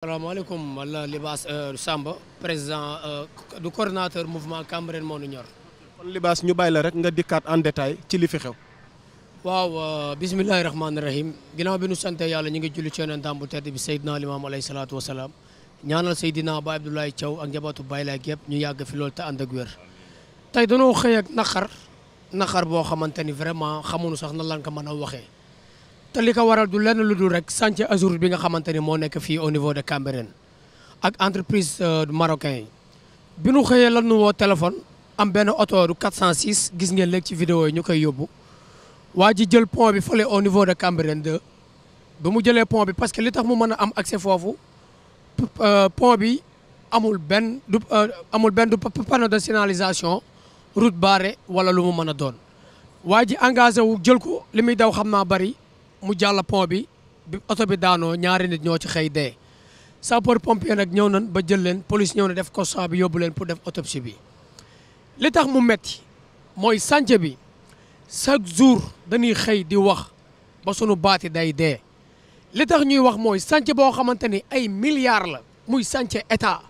salaamaaleykum wala Libaas euh, Samba président euh, du coordonnateur mouvement Cambérène moo nu ñor. kon Libaas ñu bàyyi la rek nga dikkaat en détail ci li fi xew. waaw euh, bisimilahi rahmaani rahim ginnaaw bi nu sante yàlla ñu ngi julli ci yonentam bu tedd bi Seydina Limaam alayhi salaatu wa salaam ñaanal Seydina Baay Abdoulaye Thiaw ak njabootu Baay Laay gépp ñu yàgg fi loolu te ànd ak wér. tey danoo xëy ak naqar naqar boo xamante ni vraiment xamuñu sax na lañ ko mën a waxee. te li ko waral du lenn lu dul rek chantier Azur bi nga xamante ni moo nekk fi au niveau de Cambérène ak entreprise euh, marocain yi bi nu xëyee la nu woo téléphone am benn oto du 406 gis ngeen léegi ci vidéo yi ñu koy yóbbu waa ji jël pont bi fële au niveau de Cambérène 2 ba mu jëlee pont bi parce que li tax mu mën a am accès foofu euh, pont bi amul benn du euh, amul benn du panneau de signalisation route barrée wala lu mu mën a doon waa ji engagé wu jël ko li muy daw xam naa bari mu jàll pont bi bi oto bi daanoo ñaari nit ñoo ci xëy dee sapeur pompier nag ñëw nañ ba jël leen police ñëw na def constat bi yóbbu leen pour def autopsie bi li tax mu metti mooy chantier bi chaque jour dañuy xëy di wax ba sunu baati day dee li tax ñuy wax mooy chantier boo xamante ni ay milliards la muy chantier état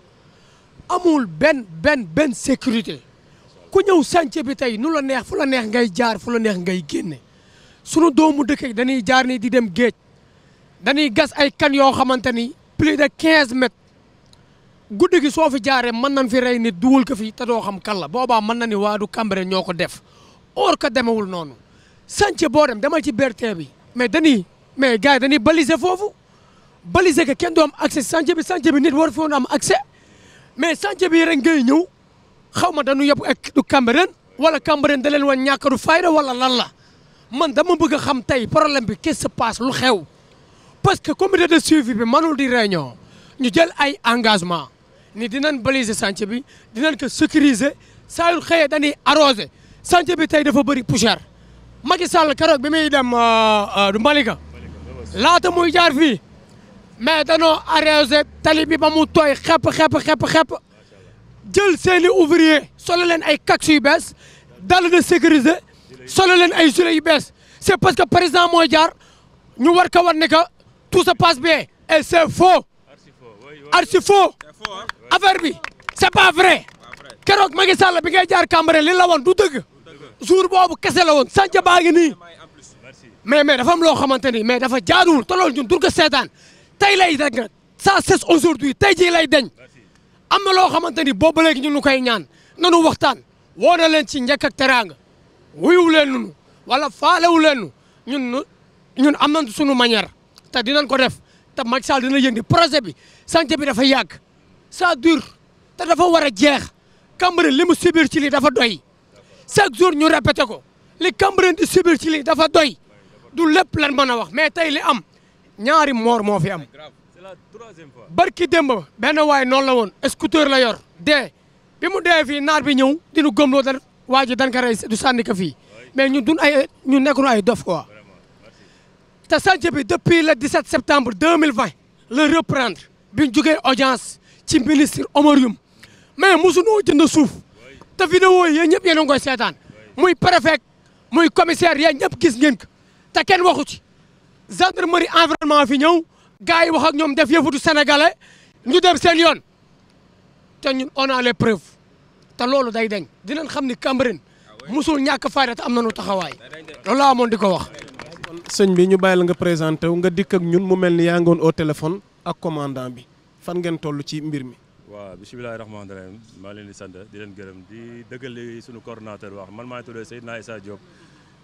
amul benn benn benn sécurité ku ñëw chantier bi tey nu la neex fu la neex ngay jaar fu la neex ngay génne sunu doomu dëkk yi dañuy jaar ni di dem géej dañuy gas ay kan yoo xamante ni plus de quinze mètres guddi gi soo fi jaaree mën nañ fi rey nit duwul ko fi te doo xam kan la boobaa mën na ni waadu Cambérène ñoo ko def or ko demewul noonu sance boo dem demal ci bertin bi mais dañuy mais gars yi dañuy baliser foofu baliser que kenn du am accès sànce bi sànce bi nit war fi woon am accès mais sance bi rek ngay ñëw xaw ma dañu yëpp ak du Cambérène wala Cambérène da leen wan ñàkk du wala lan la man dama bëgg a xam tey problème bi qu'est-ce qui lu xew parce que comité de suivi bi mënul di réunion ñu jël ay engagement ni dinañ baliser sance bi dinañ ko sécuriser saa yu xëyee dañuy arroser chantier bi tey dafa bëri poussière Macky Sall keroog bi muy dem euh, euh, du Malika laata muy jaar fii mais danoo arrosé tali bi ba mu tooy xepp xepp xepp xepp jël seeni ouvrier solo leen ay kaks yu bees dal na sécuriser solo leen ay gilet yu bees c'est parce que président mooy jaar ñu war ka war ne que tout se passe bi et c'est faux archi faux affaire bi c'est pas vrai keroog Macky Sall bi ngay jaar Cambérène li la woon du dëgg jour boobu kese la woon sànq baa ngi nii mais mais dafa am loo xamante ni mais dafa jaaduwul te loolu ñun dur ko seetaan tey lay rek nag ça cesse aujourd'hui tey jii lay deñ am na loo xamante ni boobu léegi ñun ñu koy ñaan nanu waxtaan woo na leen ci njëkk ak teraanga wuyuw leen nu wala faalewu leen nu ñun ñun am nañ suñu manière te dinañ ko def te Macky Sall dina yëg ni projet bi santé bi dafa yàgg ça dure te dafa war a jeex Cambérène li mu subir ci lii dafa doy chaque jour ñu répété ko li Cambérène di subir ci lii dafa doy du lépp lan mën a wax mais tey li am ñaari moor moo fi am barki démb benn waay noonu la woon scooter la yor dee bi mu dee fii naar bi ñëw dinu gëmloo dara waa ji dañ rey du sànni ko fii mais ñun duñ ay ñu nekkul ay dof quoi te chantier bi depuis le 17 septembre 2020 la reprendre bi ñu jógee audience ci ministre Oumar Youm mais mosunoo jënd suuf te vidéo yi yéen ñëpp yéen a seetaan muy préfet muy commissaire yéen ñëpp gis ngeen ta kenn waxu ci gendarmerie environnement fi ñëw gars yi wax ak ñoom def yëfutu sénégalais ñu dem seen yoon te ñun on a les te loolu day dañ dinañ xam ni Cambérène mosul ñàkk fayda te am nañu taxawaay loolu laa amoon di ko wax. sëñ bi ñu bàyyi la nga présenté wu nga dikk ak ñun mu mel ni yaa ngi woon téléphone ak commandant bi fan ngeen toll ci mbir mi. waaw bisimilah rahmaani rahim maa leen di sant di leen gërëm di dëggal li suñu coordonnateur man maa ngi tudd Seydina Issa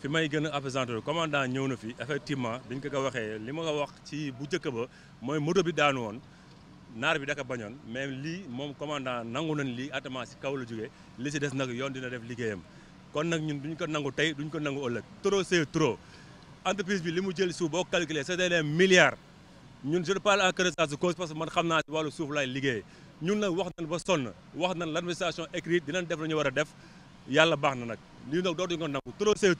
fi may gën a commandant ñëw na fi effectivement biñ ko ko waxee li ma ko wax ci bu njëkk ba mooy moto bi daanu woon. naar bi daka bañoon mais lii moom commandant nangu nañ lii atama si kaw la jógee li si des nag yoon dina def liggéeyam kon nag ñun duñ ko nangu tey duñ ko nangu ëllëg trop c'est trop entreprise bi li mu jël suuf boo calculé c'était des milliards ñun je parle en cause parce que man xam naa si wàllu suuf laay liggéey ñun nag wax nañ ba sonn wax nañ l'administration écrite dinañ def la ñu war a def yàlla baax na nag lii nag dootuñu ko nangu trop c'est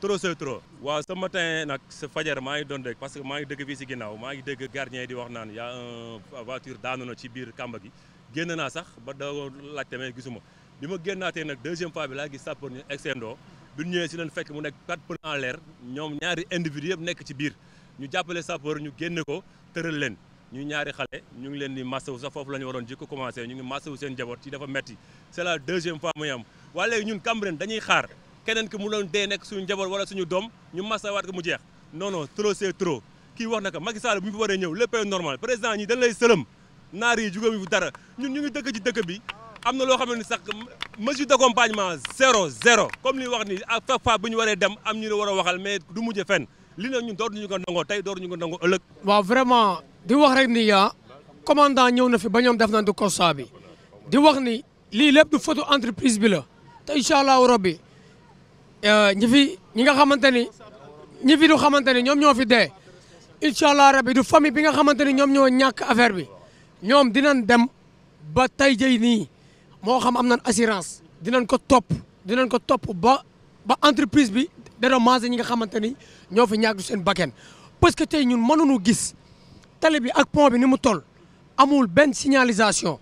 trop c'est trop waaw ce matin nag sa fajar maa ngi doon dégg parce que maa ngi dëgg fii si ginnaaw maa ngi dégg gardien di wax naan y'a un voiture daanu na ci biir kàmba gi génn naa sax ba dawoo laajte mais gisuma bi ma génnaatee nag deuxième fois bi laa gis sapeur ñu extendoo bi ñu ñëwee si leen fekk mu nekk quatre pneus en l'air ñoom ñaari individu yëpp nekk ci biir ñu jàppale sapeur ñu génne ko tëral leen ñu ñaari xale ñu ngi leen di masawu sax foofu la ñu waroon jikko commencé ñu ngi masawu seen njaboot ci dafa metti c'est la deuxième fois muy am waa léegi ñun dañuy xaar keneen ki mu doon dee nekk suñu njaboot wala suñu doom ñu masawaat ko mu jeex non non trop c'est trop kii wax na ko Macky Sall bu mu fi waree ñëw ñun ñu ngi dëkk ci dëkk bi am na loo xam ne sax mesure d'accompagnement zéro zéro comme li wax ni à bu ñu waree dem am ñu war waxal mais du mujj fenn li na ñun dootuñu ko nangoo tey dootuñu ko nangoo ëllëg. waaw vraiment di wax rek ni yaa ah, commandant ñëw na fi ba ñoom def nañ du constat bi di wax ni lii lépp du photo entreprise bi la te incha allahu rabbi Euh, ñi fi ñi nga xamante ni ñi fi du xamante ni ñoom ñoo fi dee incha allah rabi du famille bi nga xamante ni ñoom ñoo ñàkk affaire bi ñoom dinañ dem ba tey jëy nii moo xam am nañ assurance dinañ ko topp dinañ ko topp ba ba entreprise bi dana maase ñi nga xamante ni ñoo fi ñàkk du seen baken parce que tey ñun mënuñu gis tali bi ak pont bi ni mu toll amul benn signalisation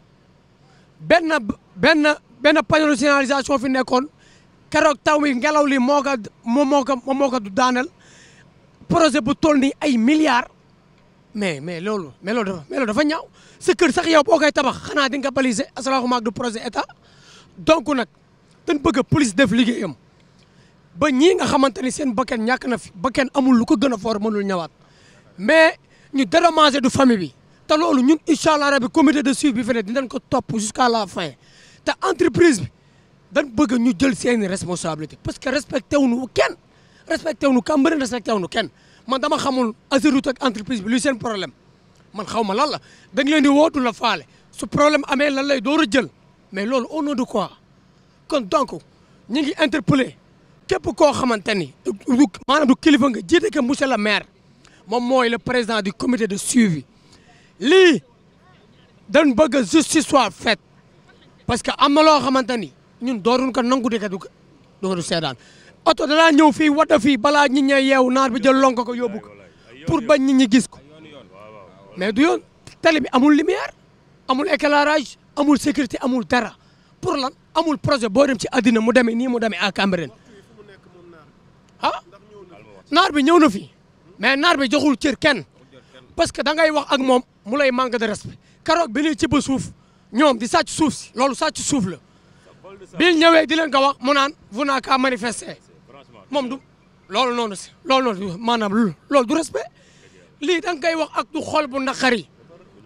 benn benn benn panneau de signalisation fi nekkoon keroog taw mi ngelaw li moo ka moom moo ko moom du daanal projet bu toll nii ay milliards mais mais loolu mais loolu dafa dafa ñaaw sa sax yow boo koy tabax xanaa dinga nga ko baliser asalaamaaleykum du projet état donc nag dañ bëgg a police def liggéeyam ba ñii nga xamante ni seen bakkan ñàkk na fi bakkan amul lu ko gën a foor mënul ñawaat mais ñu dédommagé du famille bi te loolu ñun incha allah rabi comité de suivi bi fi ne dinañ ko topp jusqu'à la fin te entreprise bi. dañ bëgg ñu jël seeni responsabilité parce que respecté wu ñu kenn respecté wu ñu Cambérène respecté wu ñu kenn man dama xamul Ageroute ak entreprise bi luy seen problème man xaw ma lan la da nga leen di wootu la faale su problème amee lan lay door a jël mais loolu au nom de quoi kon donc ñu ngi interpellé képp koo xamante ni du maanaam du kilifa nga jiite que monsieur le maire moom mooy le président du comité de suivi lii dañ bëgg a justice soit faite parce que am na loo xamante ni ñun dooruñu ko nangu di ko du ko du seedaan oto danaa ñëw fii wadda fii balaa ñi ñee yeewu naar bi jël lonk ko yóbbu ko pour bañ nit ñi gis ko mais du yoon tele bi amul lumière amul éclairage amul sécurité amul dara pour lan amul projet boo dem ci àddina mu demee nii mu demee à Cambérène ah naar bi ñëw na fi mais naar bi joxul cër kenn parce que dangay wax ak moom mu lay manque de respect keroog bi ñuy ci ba suuf ñoom di sàcc suuf si loolu sàcc suuf la bi ñawee di leen ko wax mu naan vous n'avez qu'à manifester moom du loolu noonu si loolu noonu maanaam loolu du respect lii da koy wax ak du xol bu naqari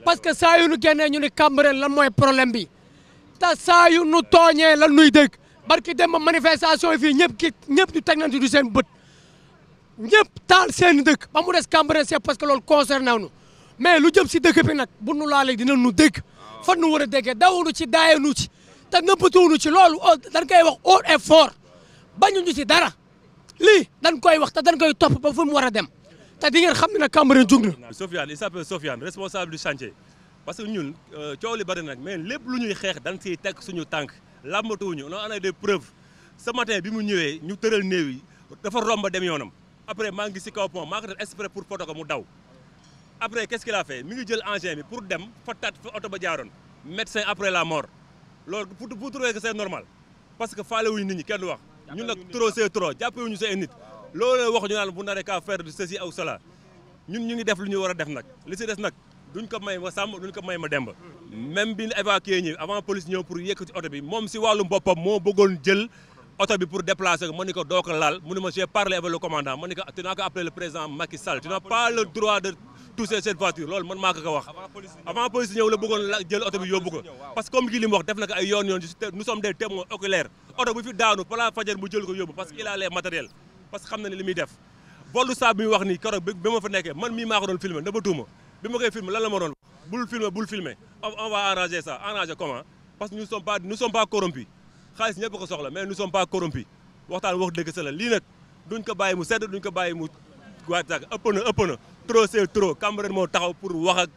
parce que saa yu nu génnee ñu ni Cambérène lan mooy problème bi te saa yu nu tooñee lan nuy dégg barki dem ba manifestation yi fii ñëpp ki ñëpp ñu teg nañ ci du seen bët ñëpp taal seen dëkk ba mu des Cambérène c'est parce que loolu concerné wu ñu mais lu jëm si dëkk bi nag bu nu laalee dina nu dégg fan nu war a déggee dawunu ci daayanu ci. te nëppatuwunu ci loolu dañ koy wax haut ba fort bañuñu ci dara lii dañ koy wax te dañ koy topp ba fu mu war a dem te di ngeen xam ne nag Cambérène jug na. Sofiane il s'appelle Sofiane responsable du chantier parce que ñun euh, coow li bari nag mais lépp lu ñuy xeex dañ siy teg suñu tànk làmbatuwuñu on a des preuves ce matin bi mu ñëwee ñu tëral néew yi dafa romb dem yoonam après maa ngi si kaw pont maa ko def pour photo ko mu daw après qu'est-ce qu'il mi ngi jël engin bi pour dem fa oto ba jaaroon médecin après la mort. loolu pour pour trouver que c'est normal parce que faale wuñu ni ñi kenn wax ñun nag trop c'est trop jàppewuñu see nit loolu wax ñu naan bu naree kaa faire ceci aw cela ñun ñu ngi def lu ñu war a def nag li si des nag duñ ko may ma sàmm duñ ko may ma demb même bi ñu évacué ñi avant police ñëw pour yëkkati oto bi moom si wàllum boppam moo bëggoon jël oto bi pour déplacer ko ni ko doo laal mu ne ma j'ai parlé avec le commandant ma ni ko tu n'as qu'à le président Macky Sall tu pas le droit de toucher cette voiture loolu man maa ko wax avant police ñëw la bëggoon jël oto bi parce que comme gi li wax def na ko ay yoon yoon nous sommes des témoins oculaires oto fi daanu balaa fajar mu jël ko yóbbu parce que il a les matériels parce que xam na ne li muy def bolu saa bi wax nii keroog bi ma xaalis ñëpp ko soxla mais nous sommes pas corrompus waxtaan wax dëgg sa la lii nag duñ ko bàyyi mu sedd duñ ko bàyyi mu waat sax ëpp na ëpp na trop c'est trop Cambérène moo taxaw pour wax ak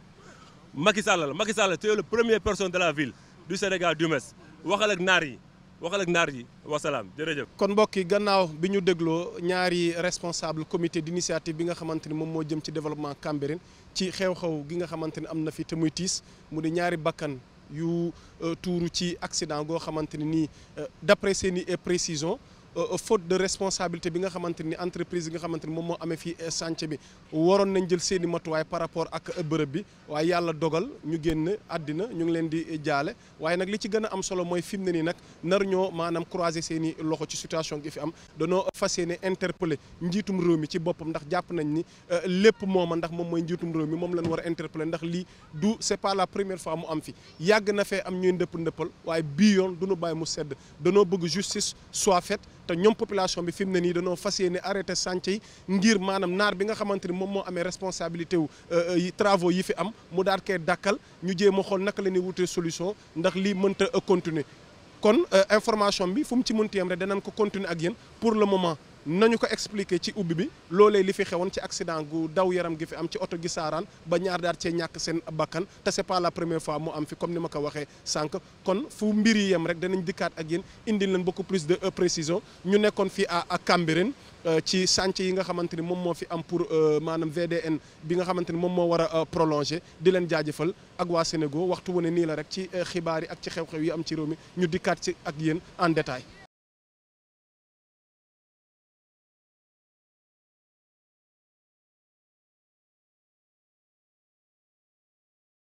Macky Sall la Macky Sall tu es le premier personne de la ville du Sénégal du MES waxal ak naar yi waxal ak naar yi wasalaam jërëjëf. kon mbokk yi gannaaw bi ñu dégloo ñaari responsable comité d'initiative bi nga xamante ni moom moo jëm ci développement Cambérène ci xew-xew gi xamante ni am na fi te muy tiis mu di ñaari bakkan. yu euh, tuuru ci accident goo xamante ne nii euh, d'après seeni précision Euh, euh, faute de responsabilité bi nga xamante ni entreprise bi nga xamante ni moom moo amee fii euh, chantier bi waroon nañ jël seeni matuwaay par rapport ak bërëb bi waaye yàlla dogal ñu génn àddina ñu ngi leen di jaale waaye nag li ci gën a am solo mooy fi mu ne nii nag nar ñoo maanaam croiser seeni loxo ci situation gi fi am danoo fas yéene interpeller njiitum réew mi ci boppam ndax jàpp nañ ni lépp mooma ndax moom mooy njiitum réew mi moom lañ war a interpeller ndax lii du c'est la première fois mu am fi yàgg na fee am ñuy ndëpp ndëppal waaye bii yoon du mu sedd danoo bëgg justice soit faite te ñoom population bi fi mu ne nii dañoo fas yéene arrêté chantier yi ngir maanaam naar bi nga xamante ni moom moo amee responsabilité wu euh, euh, travaux yi fi am mu daal koy dàkkal ñu jéem a xool naka la ñuy wutee solution ndax lii mënta continuer kon euh, information bi fu mu ci mënti yem rek danañ ko continuer ak yéen pour le moment nañu ko expliquer ci ubbi bi loolee li fi xewoon ci accident gu daw yaram gi fi am ci oto gi saaraan ba ñaar daal cee ñàkk seen bakkan te c'est pas la première fois mu am fi comme ni ma ko waxee sànq kon fu mbir yi yem rek danañ dikkaat ak yen indil leen beaucoup plus de euh, précision ñu nekkoon fi à à Cambérène euh, ci sànc yi nga xamante ni moom moo fi am pour euh, maanaam VDN bi nga xamante ni moom moo war a prolonger di leen jaajëfal ak waa Sénégal waxtu wu ne nii la rek ci xibaar yi ak ci xew-xew am ci réew mi ñu dikkaat ci ak yéen en